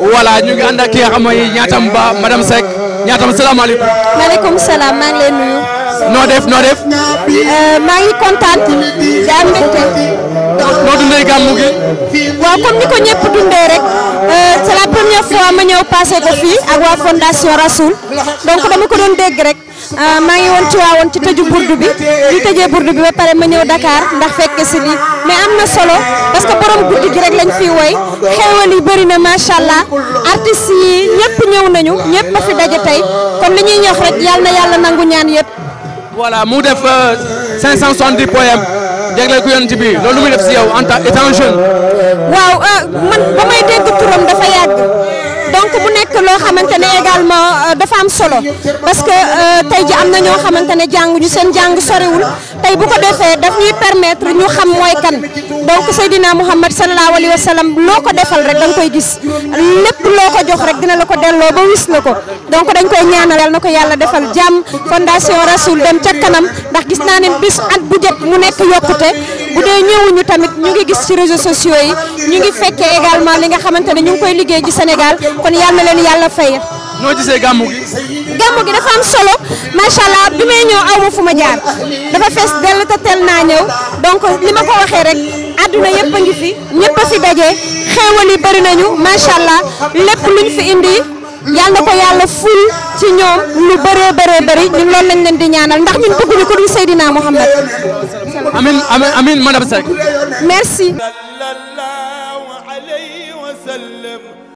voilà ñu ngi ànd ak ki nga ñaatam ba madame Seck ñaatam salaamaaleykum. maaleykum maa leen nuyu. noo def noo def. Euh, maa ngi kontaan. daa mbégte. noo dundee gàmmu gi. waaw comme ni ko ñëpp dundee rek. première fois ma ñëw passé ko fii ak waa fondation Rasoul donc dama ko doon dégg rek euh, maa ngi woon ci waawoon ci tëju burdu bi di tëjee burdu bi ba pare ma ñëw Dakar ndax fekk si lii mais am na solo parce que borom guddi gi rek lañ fi woy xéewal yi bëri na macha allah artistes yi ñëpp ñëw nañu ñëpp a fi daje tey kon li ñuy ñox rek yàlla na yàlla nangu ñaan yëpp. voilà mu def 570 euh, poèmes jagleel ko yoon ci biir loolu muy def si yow en jeune. waaw euh, man ba may dégg loo xamante ne également euh, dafa am solo parce que euh, tey ji am na ñoo xamante ne jànguñu seen jàng soriwul tey bu ko defee daf ñuy permettre ñu xam mooy kan donc Seydina Mouhamed sallallahu alayhi wa sallam loo ko defal rek da nga koy gis lépp loo ko jox rek dina la ko delloo ba wis la ko donc dañ koy ñaanalal na ko yàlla defal jàmm fondation Rasoul dem ca kanam ndax gis naa ne bis at bu jot mu nekk yokkute bu dee ñëwuñu tamit ñu ngi gis ci réseaux sociaux yi ñu ngi fekkee également li nga xamante ne ñu ngi koy liggéey ci Sénégal kon yal leen yàlla fay. gisee gàmmu gi. gàmmu gi dafa am solo macha allah bi may ñëw aw ma fu ma jaar dafa fees dell te teel naa ñëw donc li ma ko waxee rek àdduna yëpp a ngi fi ñëpp a fi daje xéewal yi bëri nañu macha allah lépp luñ fi indi yàlla ko ful ci ñoom lu bëree bëree bëri ñun loolu lañ leen di ñaanal ndax ñun bëgguñu ko dul Seydina Mouhamed. amiin amiin amiin madame Seck. merci.